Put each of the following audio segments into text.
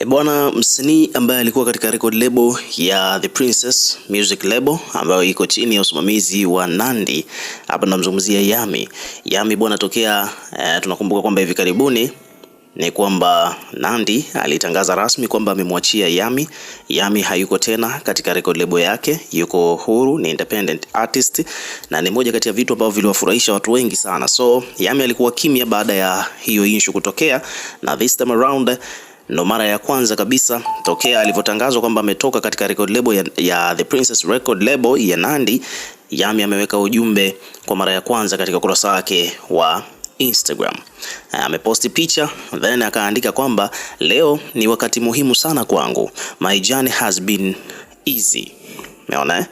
E, bwana msanii ambaye alikuwa katika record label ya The Princess Music Label ambayo iko chini ya usimamizi wa Nandi, Hapa namzungumzia Yami. Yami bwana, tokea e, tunakumbuka kwamba hivi karibuni ni kwamba Nandi alitangaza rasmi kwamba amemwachia Yami. Yami hayuko tena katika record label yake, yuko huru, ni independent artist, na ni moja kati ya vitu ambavyo viliwafurahisha watu wengi sana. So Yami alikuwa kimya baada ya hiyo issue kutokea, na this time around ndo mara ya kwanza kabisa tokea alivyotangazwa kwamba ametoka katika record label ya, ya The Princess record label ya Nandi, Yami ameweka ujumbe kwa mara ya kwanza katika ukurasa wake wa Instagram. Ameposti picha then akaandika kwamba leo ni wakati muhimu sana kwangu. My journey has been easy. Umeona eh?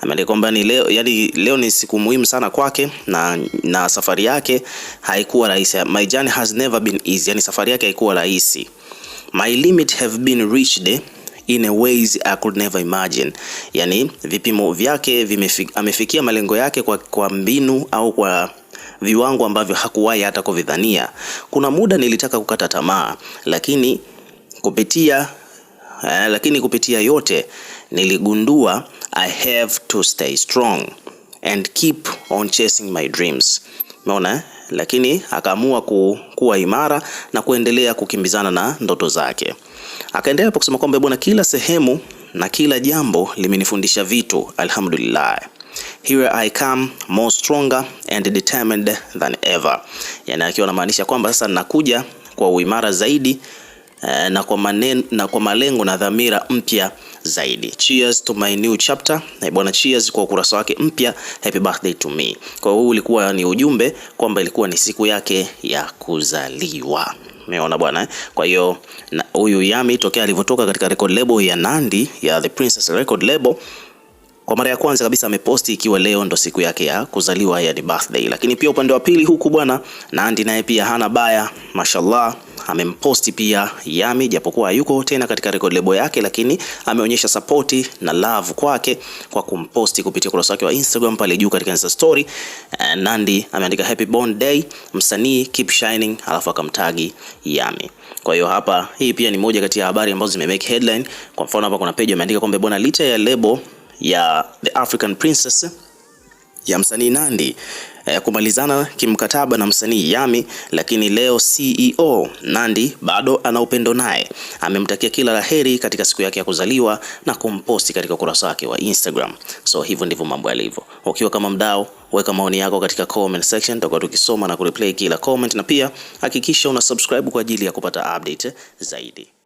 Ameandika kwamba ni leo, yani leo ni siku muhimu sana kwake na, na safari yake haikuwa rahisi. My journey has never been easy. Yani safari yake haikuwa rahisi. My limit have been reached in a ways I could never imagine. Yani, vipimo vyake vimefik, amefikia malengo yake kwa, kwa mbinu au kwa viwango ambavyo hakuwahi hata kuvidhania. Kuna muda nilitaka kukata tamaa, lakini kupitia eh, lakini kupitia yote niligundua I have to stay strong and keep on chasing my dreams. Umeona? Eh? lakini akaamua kuwa imara na kuendelea kukimbizana na ndoto zake. Akaendelea hapo kusema kwamba bwana, kila sehemu na kila jambo limenifundisha vitu, alhamdulillah. Here I come more stronger and determined than ever. Yani akiwa anamaanisha kwamba sasa nakuja kwa uimara zaidi Eh, na kwa manen, na kwa malengo na dhamira mpya zaidi. Cheers to my new chapter. Na eh, bwana, cheers kwa ukurasa wake mpya, happy birthday to me. Kwa hiyo ulikuwa ni ujumbe kwamba ilikuwa ni siku yake ya kuzaliwa. Umeona bwana eh? Kwa hiyo huyu Yammy tokea alivyotoka katika record label ya Nandy ya The Princess Record label kwa mara ya kwanza kabisa ameposti ikiwa leo ndo siku yake ya kuzaliwa, yani birthday. Lakini pia upande wa pili huku bwana Nandy naye pia hana baya, mashallah amemposti pia Yami, japokuwa yuko tena katika record label yake, lakini ameonyesha support na love kwake kwa kumposti kupitia kurasa wake wa Instagram pale juu katika Insta story. Eh, Nandi ameandika happy bond day msanii keep shining, alafu akamtagi Yami. Kwa hiyo hapa, hii pia ni moja kati ya habari ambazo zime make headline. Kwa mfano hapa kuna page ameandika kwamba bwana, licha ya label ya The African Princess ya msanii Nandi eh, kumalizana kimkataba na msanii yami lakini leo CEO Nandy bado ana upendo naye, amemtakia kila laheri katika siku yake ya kuzaliwa na kumposti katika ukurasa wake wa Instagram. So hivyo ndivyo mambo yalivyo. Ukiwa kama mdau, weka maoni yako katika comment section, tutakuwa tukisoma na kureplay kila comment, na pia hakikisha una subscribe kwa ajili ya kupata update zaidi.